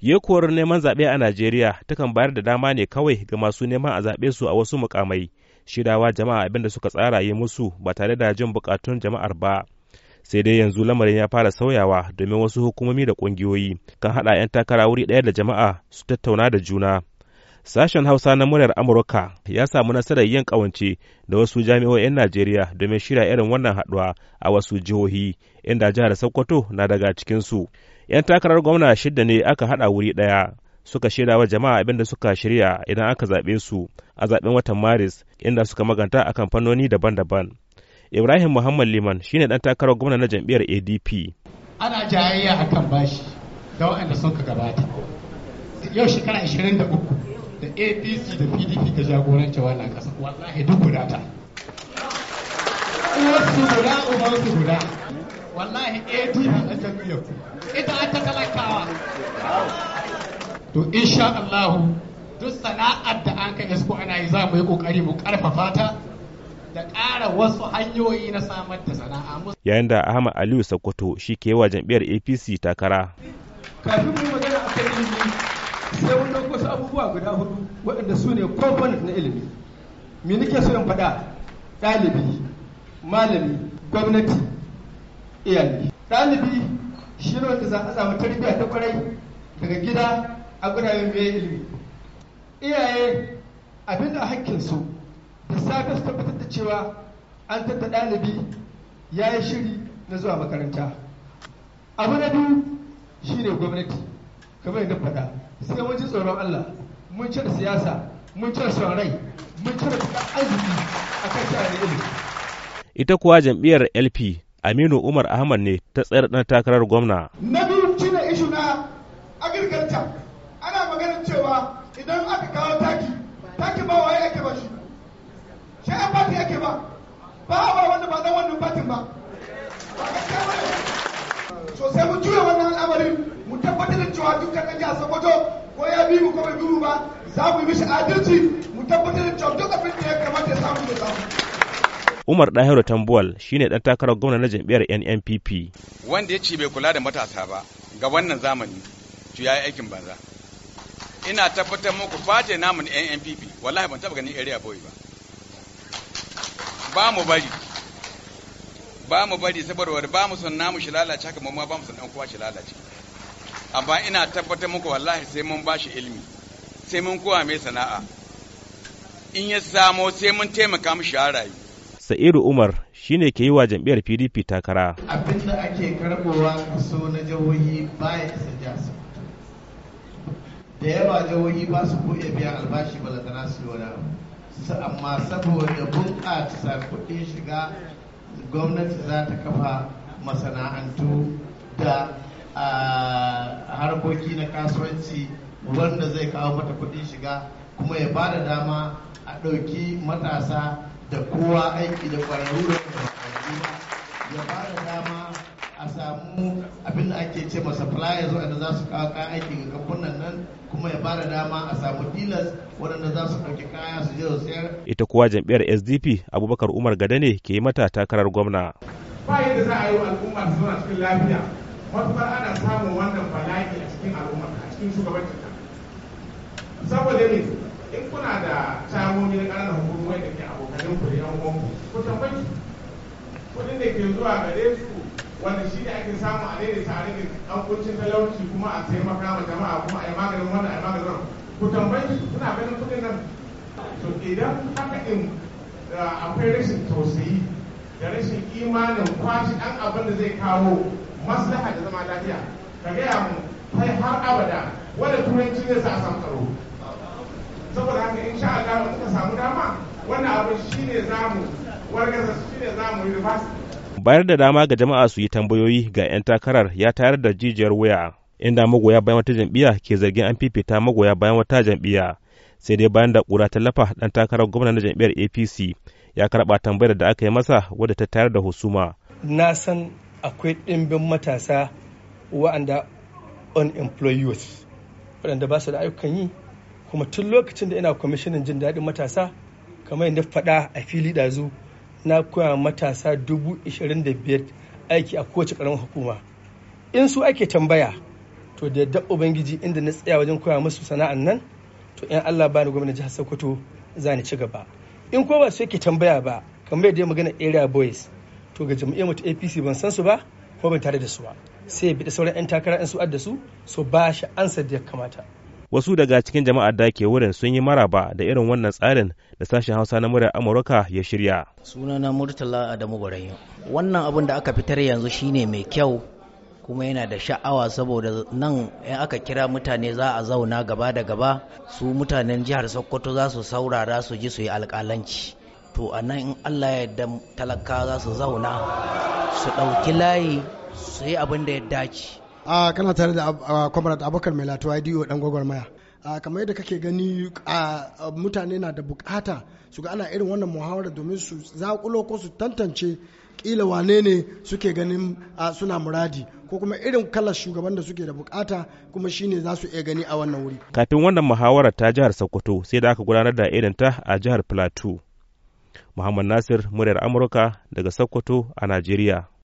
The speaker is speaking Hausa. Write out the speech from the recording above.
yekuwar neman zaɓe a najeriya takan bayar da dama ne kawai ga masu neman a zaɓe su a wasu mukamai shirawa jama'a abin da suka tsara yi musu ba tare da jin bukatun jama'ar ba sai dai yanzu lamarin ya fara sauyawa domin wasu hukumomi da ƙungiyoyi kan haɗa 'yan takara wuri daya da jama'a su tattauna da juna sashen hausa na muryar amurka ya samu nasarar yin kawance da wasu jami'o'in najeriya domin shirya irin wannan haduwa a wasu jihohi inda jihar sokoto na daga cikinsu 'yan takarar gwamna shida ne aka haɗa wuri ɗaya suka shaida wa jama'a abin da suka shirya idan aka zaɓe su a zaɓen watan maris inda suka maganta a kamfanoni daban-daban ibrahim muhammad liman shine ɗan takarar gwamna na jam'iyyar adp ana jayayya a kan bashi da waɗanda sun ka gabata yau shekara 23 da apc da pdp ta jagoranci wannan ƙasa wallahi duk guda ta guda wallahi eh, ADP a jam'iyyar ita an ta talakawa to insha Allah duk sana'ar da an kai isko ana yi za mu yi kokari mu karfafa ta da ƙara wasu hanyoyi na samar da sana'a yayin da Ahmad Aliyu Sokoto shi ke wa jam'iyyar APC takara kafin mu magana a kan ilimi sai mun dauko wasu abubuwa guda hudu waɗanda su ne component na ilimi me nake so in faɗa ɗalibi malami gwamnati iyaye ɗalibi shi ne wanda za a samu tarbiyya ta kwarai daga gida a gudanar mai ilimi iyaye abin da hakkinsu da safe su tabbatar da cewa an tatta ɗalibi ya yi shiri na zuwa makaranta abu na biyu ne gwamnati kamar yadda faɗa sai mun ji tsoron allah mun cire siyasa mun cire tsoron rai mun cire arziki a kan ilimi ita kuwa jam'iyyar lp aminu umar ahmad ne ta tsayar ɗan takarar gwamna na biyu shine ishu na agirgarta ana maganin cewa idan aka kawo taki taki ba waye ake ba shi shi an fati yake ba ba a ba wanda ba zan wannan fatin ba ba ba so sai mu juya wannan al'amarin mu tabbatar da cewa dukkan ɗan jihar sokoto ko ya bi mu ko bai ba za mu yi mishi adalci mu tabbatar da cewa duk Umar Dahiru Tambuwal shine dan takarar gwamna na jam'iyyar NNPP. Wanda ya ce bai kula da matasa ba ga wannan zamani to yayi aikin banza. Ina tabbatar muku face namu na NNPP wallahi ban taba ganin area boy ba. Ba mu bari ba mu bari saboda ba mu son namu shi lalace haka ma ba mu son dan kowa shi lalace. Amma ina tabbatar muku wallahi sai mun bashi ilimi sai mun kowa mai sana'a in ya samo sai mun taimaka mu a rayu sa'iru umar shine ke yi wa jam'iyyar pdp takara abin da ake karbowa kaso na jihohi baya isa jasa da yawa jihohi ba su buɗe biyan albashi ba da su wani amma saboda bunƙasa kuɗin shiga gwamnati za ta kafa masana'antu da harkoki na kasuwanci wanda zai kawo mata kuɗin shiga kuma ya ba da dama a ɗauki matasa da kowa aiki da ƙwararru da ya ba da dama a samu abin da ake ce masa suppliers waɗanda za su kawo kayan aiki ga kamfanin nan kuma ya ba da dama a samu dealers waɗanda za su ɗauki kaya su je su sayar. Ita kuwa jam'iyyar SDP Abubakar Umar Gada ne ke yi mata takarar gwamna. Ba yadda za a yi wa al'umma su zauna cikin lafiya matuƙar ana samun wannan bala'i a cikin al'umma a cikin shugabancin saboda ne in kuna da tamomi na ƙananan hukumomi da ke a tsakankanin ku da yan uwanku kudin kuɗin da ke zuwa gare su wanda shi ne ake samu a daidai a daidaita ɗaukocin talauci kuma a taimaka ma jama'a kuma a yi maganin wannan a yi maganin wannan ku tambayi kuna ganin kudin nan to idan haka in akwai rashin tausayi da rashin imanin kwashi ɗan abin da zai kawo maslaha da zama lafiya ka gaya mu kai har abada wanda turanci ne sa a samu tsaro saboda haka in sha Allah muka samu dama wannan abu zamu wargaza bayar da dama ga jama'a su yi tambayoyi ga 'yan takarar ya tayar da jijiyar wuya inda magoya bayan wata jam'iyya ke zargin an fifita magoya bayan wata jam'iyya sai dai bayan da kura ta lafa dan takarar gwamna na jam'iyyar apc ya karba tambayar da aka yi masa wadda ta tayar da husuma na san akwai ɗimbin matasa wa'anda unemployed youth waɗanda ba su da ayyukan yi kuma tun lokacin da ina kwamishinan jin daɗin matasa kamar yadda faɗa a fili ɗazu na koya matasa dubu ishirin da biyar aiki a kowace ƙaramin hukuma in su ake tambaya to da yadda ubangiji inda na tsaya wajen koya musu sana'an nan to in allah bani gwamnati jihar sokoto za ni ci gaba in ko ba su yake tambaya ba kamar yadda ya magana area boys to ga jam'iyyar mutu apc ban san su ba ko ban tare da su ba sai ya bi da sauran 'yan takara in su adda su so ba shi ansa da ya kamata wasu daga cikin jama'ar da ke wurin sun yi maraba da irin wannan tsarin da sashen hausa na murar amurka ya shirya suna na murtala adamu gwarayo wannan abin da aka fitar yanzu shine mai kyau kuma yana da sha'awa saboda nan in aka kira mutane za a zauna gaba da gaba su mutanen jihar sokoto za su saurara su ji su yi alƙalanci to a nan in allah ya yarda talaka za su zauna su ɗauki layi su yi abin da ya dace a kana tare da comrade abokan mai latuwa diyo dan gwagwarmaya kamar yadda kake gani mutane na da bukata su ga ana irin wannan muhawara domin su zakulo ko su tantance kila wane ne suke ganin suna muradi ko kuma irin kalar shugaban da suke da bukata kuma shine za su iya gani a wannan wuri kafin wannan muhawara ta jihar sokoto sai da aka gudanar da irin ta a jihar plateau muhammad nasir muryar amurka daga sokoto a najeriya